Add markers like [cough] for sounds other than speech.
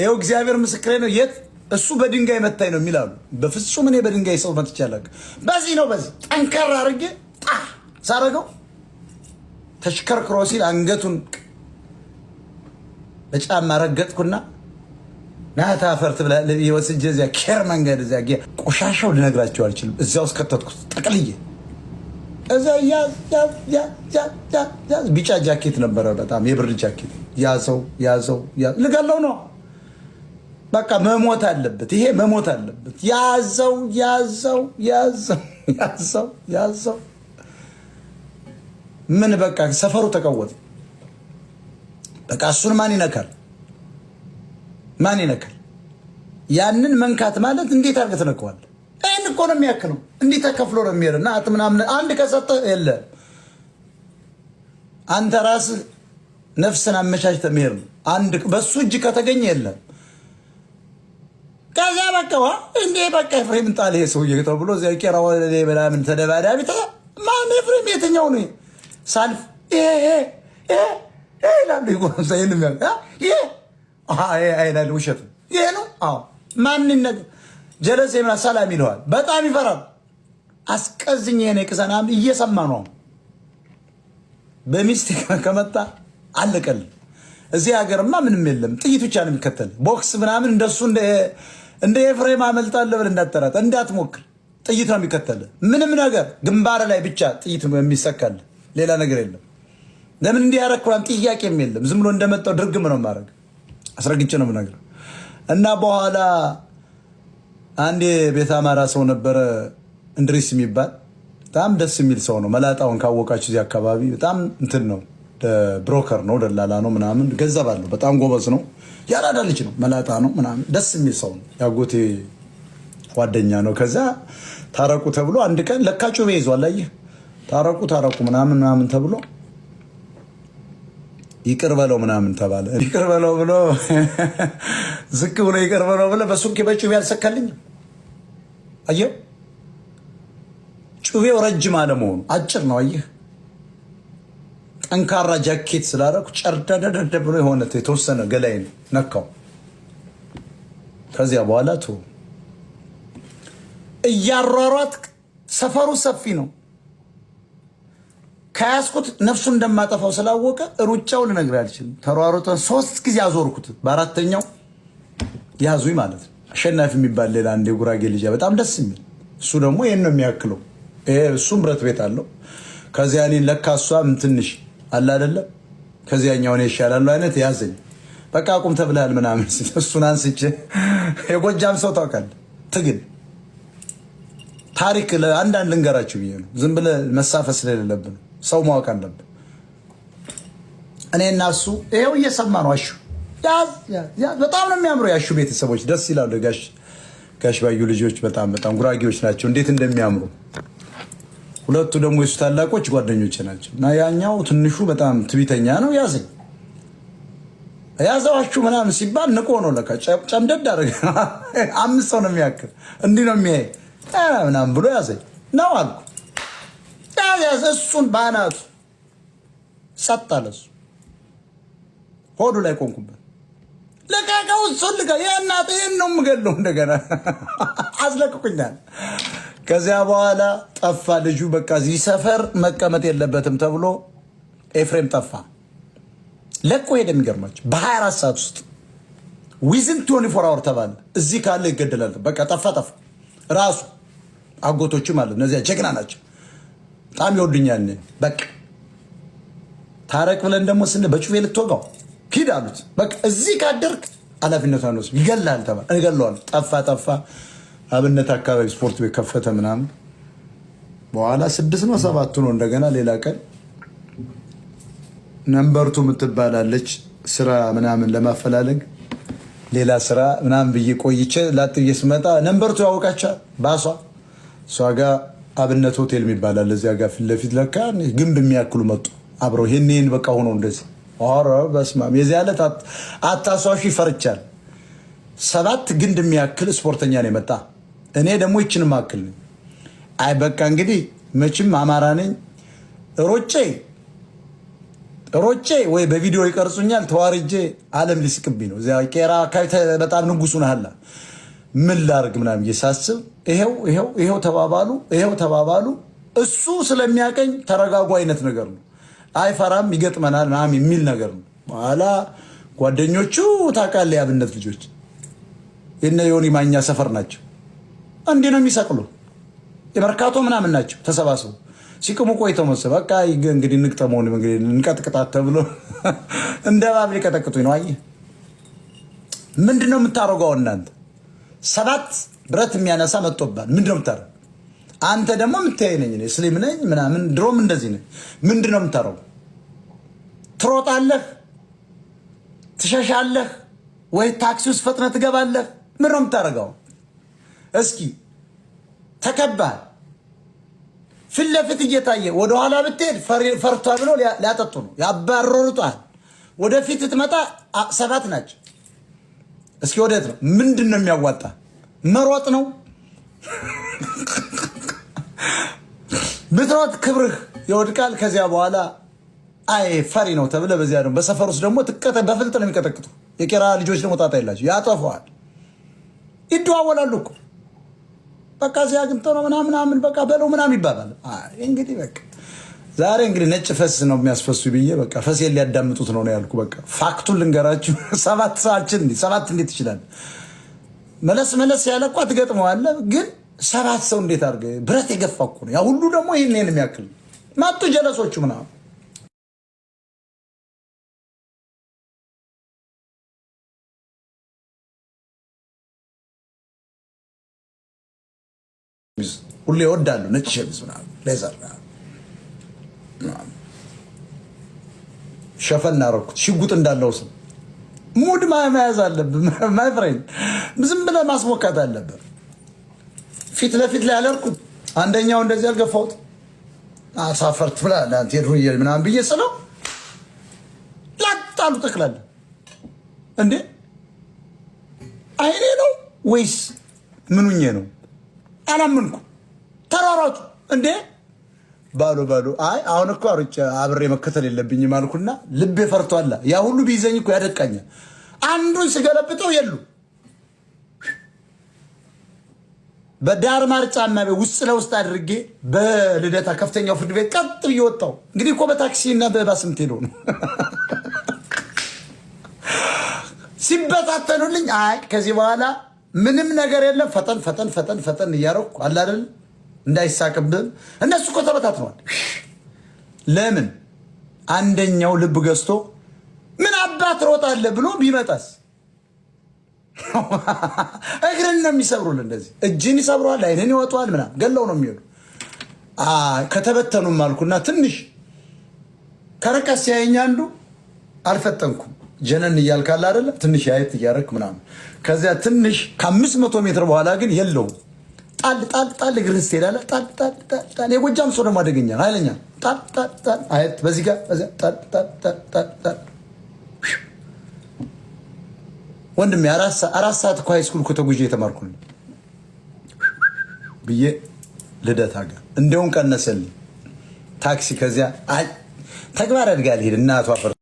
ይኸው እግዚአብሔር ምስክሬ ነው። የት እሱ በድንጋይ መታኝ ነው የሚላሉ። በፍጹም እኔ በድንጋይ ሰው መትቼ አላውቅም። በዚህ ነው በዚህ ጠንከር አድርጌ ጣ ሳረገው ተሽከርክሮ ሲል አንገቱን በጫማ ረገጥኩና ናታ ፈርት የወስጀ እዚያ ኬር መንገድ እዚያ ቆሻሻው ልነግራቸው አልችልም። እዚያ ውስጥ ከተትኩት ጠቅልዬ። እዚያ ቢጫ ጃኬት ነበረ፣ በጣም የብር ጃኬት። ያዘው ያዘው ልጋለው ነው በቃ መሞት አለበት። ይሄ መሞት አለበት። ያዘው ያዘው ያዘው ያዘው ያዘው። ምን በቃ ሰፈሩ ተቀወጠ። በቃ እሱን ማን ይነካል? ማን ይነካል? ያንን መንካት ማለት እንዴት አድርገህ ትነካዋለህ? ይህን እኮ ነው የሚያክለው። እንዲህ ተከፍሎ ነው የሚሄድ እና ምናምን አንድ ከሰጠህ የለህም አንተ ራስህ ነፍስን አመቻችተህ መሄድ ነው። አንድ በሱ እጅ ከተገኘ የለህም ተረከባ እንዴ በቃ ኤፍሬም ጣል ሰውዬ ተብሎ እዚያ ቄራ ወለሌ ምናምን ተደባዳቢ ተ ማን ኤፍሬም የትኛው ነው ሳልፍ ይላሉ ይህን ይሄ ነው። አዎ ነገር ጀለሴ ሰላም ይለዋል። በጣም ይፈራል። አስቀዝኝ ይሄን ቅሰና እየሰማ ነው። በሚስት ከመጣ አለቀል እዚህ ሀገርማ ምንም የለም። ጥይት ብቻ ነው የሚከተል ቦክስ ምናምን እንደሱ እንደ ኤፍሬም አመልጣለሁ ብለህ እንዳትጠራጠር፣ እንዳትሞክር። ጥይት ነው የሚከተልህ። ምንም ነገር ግንባር ላይ ብቻ ጥይት የሚሰካል ሌላ ነገር የለም። ለምን እንዲህ ያረኩራን ጥያቄም የለም። ዝም ብሎ እንደመጣው ድርግም ነው ማድረግ። አስረግጬ ነው ነገር እና በኋላ አንድ ቤተ አማራ ሰው ነበረ እንድሪስ የሚባል በጣም ደስ የሚል ሰው ነው። መላጣውን ካወቃችሁ እዚህ አካባቢ በጣም እንትን ነው ብሮከር ነው፣ ደላላ ነው ምናምን ገንዘብ አለው። በጣም ጎበዝ ነው። ያራዳ ልጅ ነው፣ መላጣ ነው ምናምን ደስ የሚል ሰው ነው። ያጎቴ ጓደኛ ነው። ከዚያ ታረቁ ተብሎ አንድ ቀን ለካ ጩቤ ይዟል። አየህ ታረቁ ታረቁ ምናምን ምናምን ተብሎ ይቅር በለው ምናምን ተባለ። ይቅር በለው ብሎ [laughs] ዝቅ ብሎ ይቅር በለው ብሎ በሱቅ በጩቤ አልሰካልኝም። አየው ጩቤው ረጅም አለመሆኑ አጭር ነው። አየህ ጠንካራ ጃኬት ስላደረኩ ጨርዳዳዳዳ ብሎ የሆነ የተወሰነ ገላይን ነካው። ከዚያ በኋላ ቶ እያሯሯት ሰፈሩ ሰፊ ነው። ከያዝኩት ነፍሱን እንደማጠፋው ስላወቀ ሩጫው ልነግር አልችልም። ተሯሩጠን ሶስት ጊዜ አዞርኩት። በአራተኛው ያዙኝ ማለት ነው። አሸናፊ የሚባል ሌላ አንድ የጉራጌ ልጅ በጣም ደስ የሚል እሱ ደግሞ ይህን ነው የሚያክለው። እሱም ብረት ቤት አለው። ከዚያ እኔን ለካ እሷም ትንሽ አለ አይደለም ከዚያኛው እኔ ይሻላል አይነት ያዘኝ። በቃ አቁም ተብላል ምናምን እሱን አንስቼ የጎጃም ሰው ታውቃለ ትግል ታሪክ አንዳንድ ልንገራችሁ ብዬ ነው። ዝም ብለህ መሳፈስ ስለሌለብን ሰው ማወቅ አለብን። እኔ እና እሱ ይኸው እየሰማ ነው። አሹ በጣም ነው የሚያምሩ የአሹ ቤተሰቦች ደስ ይላሉ። ጋሽ ባዩ ልጆች በጣም በጣም ጉራጌዎች ናቸው። እንዴት እንደሚያምሩ ሁለቱ ደግሞ የሱ ታላቆች ጓደኞች ናቸው እና ያኛው ትንሹ በጣም ትቢተኛ ነው። ያዘኝ ያዘዋችሁ ምናምን ሲባል ንቆ ነው ለካ ጨምደድ አደረገ። [laughs] አምስት ሰው ነው የሚያክል እንዲህ ነው የሚያይ ምናምን ብሎ ያዘኝ ነው አልኩ። ያዘ እሱን በአናቱ ሰጥ አለ። እሱ ሆዱ ላይ ቆንኩበት። ልቀቀው፣ እሱን ልቀ የእናት ይህን ነው የምገለው። እንደገና [laughs] አስለቅቁኛል ከዚያ በኋላ ጠፋ ልጁ። በቃ እዚህ ሰፈር መቀመጥ የለበትም ተብሎ ኤፍሬም ጠፋ፣ ለቆ ሄደ። የሚገርማቸው በ24 ሰዓት ውስጥ ዊዝን 24 አወር ተባለ። እዚህ ካለ ይገደላል። በቃ ጠፋ ጠፋ። ራሱ አጎቶቹ ማለት እነዚያ ጀግና ናቸው፣ በጣም ይወዱኛል። በቃ ታረቅ ብለን ደግሞ ስን በጩፌ ልትወጋው ሂድ አሉት። በቃ እዚህ ካደርክ ኃላፊነቱ አንወስም ይገላል ተባለ። እገለዋል። ጠፋ ጠፋ አብነት አካባቢ ስፖርት ቤት ከፈተ ምናምን በኋላ ስድስት ነው ሰባቱ ነው። እንደገና ሌላ ቀን ነንበርቱ የምትባላለች ስራ ምናምን ለማፈላለግ ሌላ ስራ ምናምን ብዬ ቆይቼ ላጥዬ ስመጣ ነንበርቱ ያወቃቻል ባሷ እሷ ጋ አብነት ሆቴል የሚባላል እዚያ ጋ ፊት ለፊት ለካ ግንብ የሚያክሉ መጡ አብረው ይህን ይህን በቃ ሆኖ እንደዚህ ኧረ በስመ አብ የዚህ ዕለት አታሷሽ ይፈርቻል ሰባት ግንድ የሚያክል ስፖርተኛ ነው የመጣ እኔ ደግሞ ይችን ማክል ነኝ። አይ በቃ እንግዲህ መቼም አማራ ነኝ ሮጬ ሮጬ ወይ በቪዲዮ ይቀርጹኛል ተዋርጄ አለም ሊስቅብኝ ነው። እዚያ ቄራ አካባቢ በጣም ንጉሱ ናህላ ምን ላርግ ምናምን እየሳስብ ይሄው ይሄው ይሄው ተባባሉ ይሄው ተባባሉ። እሱ ስለሚያቀኝ ተረጋጉ አይነት ነገር ነው። አይፈራም ይገጥመናል ምናምን የሚል ነገር ነው። በኋላ ጓደኞቹ ታውቃለህ፣ የአብነት ልጆች የነ ዮኒ ማኛ ሰፈር ናቸው። እንዲህ ነው የሚሰቅሉ የመርካቶ ምናምን ናቸው ተሰባስቡ ሲቅሙ ቆይተው መሰ በቃ እንግዲህ እንቅጠመውን እንግዲህ እንቀጥቅጣት ተብሎ [laughs] እንደ ባብ ሊቀጠቅጡኝ ነው። አየህ ምንድን ነው የምታደርገው እናንተ? ሰባት ብረት የሚያነሳ መጥቶባል። ምንድን ነው የምታደርገው አንተ? ደግሞ የምታይ ነኝ እስሊም ነኝ ምናምን ድሮም እንደዚህ ነኝ። ምንድን ነው የምታደርገው? ትሮጣለህ፣ ትሸሻለህ ወይ ታክሲ ውስጥ ፈጥነህ ትገባለህ? ምንድን ነው የምታደርገው? እስኪ ተከባል ፊት ለፊት እየታየ ወደኋላ ብትሄድ ፈርቷ ብሎ ሊያጠጡ ነው ወደ ወደፊት ስትመጣ ሰባት ናቸው። እስኪ ወደት ነው? ምንድን ነው የሚያዋጣ? መሮጥ ነው ብትሮጥ ክብርህ ይወድቃል። ከዚያ በኋላ አይ ፈሪ ነው ተብለ በዚያ ደግሞ በሰፈር ውስጥ ደግሞ ትቀጠ በፍልጥ ነው የሚቀጠቅጡ የቄራ ልጆች ደግሞ ጣጣ የላቸው ያጠፈዋል። ይደዋወላሉ እኮ በቃ እዚህ አግኝቶ ነው ምናምን ምናምን በቃ በለው ምናምን ይባላል። እንግዲህ በቃ ዛሬ እንግዲህ ነጭ ፈስ ነው የሚያስፈሱ ብዬ በቃ ፈስ ሊያዳምጡት ነው ነው ያልኩ። በቃ ፋክቱን ልንገራችሁ። [laughs] ሰባት ሰዓችን ሰባት እንዴት ይችላል? መለስ መለስ ያለ እኮ ትገጥመዋለህ፣ ግን ሰባት ሰው እንዴት አድርገህ ብረት የገፋ እኮ ነው ያ ሁሉ ደግሞ ይህን የሚያክል ማጡ ጀለሶቹ ምናምን ሁሌ ይወዳሉ ነጭ ሸሚዝ ምናምን ሌዘር ሸፈን እናረኩት ሽጉጥ እንዳለው ስም ሙድ መያዝ አለብህ ማይ [laughs] ፍሬንድ፣ ዝም ብለህ ማስሞካት አለብህ። ፊት ለፊት ላይ አልሄድኩም። አንደኛው እንደዚህ አልገፋሁት አሳፈርት ብላ ቴድሮ ምናምን ብዬ ስለው ላጣሉ ጠቅላለ እንዴ አይኔ ነው ወይስ ምኑኜ ነው? አላምንኩ። ተሯሯጡ እንዴ ባሉ ባሉ አይ አሁን እኮ አሩጫ አብሬ መከተል የለብኝም አልኩና ልቤ ፈርቷል። ያ ሁሉ ቢይዘኝ እኮ ያደቃኛል። አንዱን ስገለብጠው የሉ በዳር ማር ጫማ ውስጥ ለውስጥ አድርጌ በልደታ ከፍተኛው ፍርድ ቤት ቀጥ ብዬ ወጣው እንግዲህ እኮ በታክሲ እና በባስ የምትሄደው ነው። ሲበታተኑልኝ አይ ከዚህ በኋላ ምንም ነገር የለም። ፈጠን ፈጠን ፈጠን ፈጠን እያረኩ አላደል እንዳይሳቅብን። እነሱ እኮ ተበታትነዋል። ለምን አንደኛው ልብ ገዝቶ ምን አባት ሮጣለ ብሎ ቢመጣስ? [laughs] እግርን ነው የሚሰብሩል። እንደዚህ እጅን ይሰብረዋል፣ አይንን ይወጠዋል፣ ምናምን ገለው ነው የሚሄዱ። ከተበተኑም አልኩና ትንሽ ከርቀት ሲያየኝ አንዱ አልፈጠንኩም ጀነን እያልካለ አደለ ትንሽ አየት እያደረክ ምናምን። ከዚያ ትንሽ ከአምስት መቶ ሜትር በኋላ ግን የለውም። ጣል ጣል ጣል እግርህን ስትሄዳለህ። ጣል ጣል ጣል። የጎጃም ሰው ደግሞ አደገኛ ኃይለኛ። ጣል ጣል ጣል አየት በዚህ ጋር በዚያ ጣል ጣል ጣል ጣል። ወንድሜ አራት ሰዓት እኮ ሃይስኩል እኮ ተጉዤ የተማርኩልኝ ብዬ ልደት ጋር እንደውም ቀነሰልኝ ታክሲ። ከዚያ ተግባር አድጋ ልሄድ እናቷ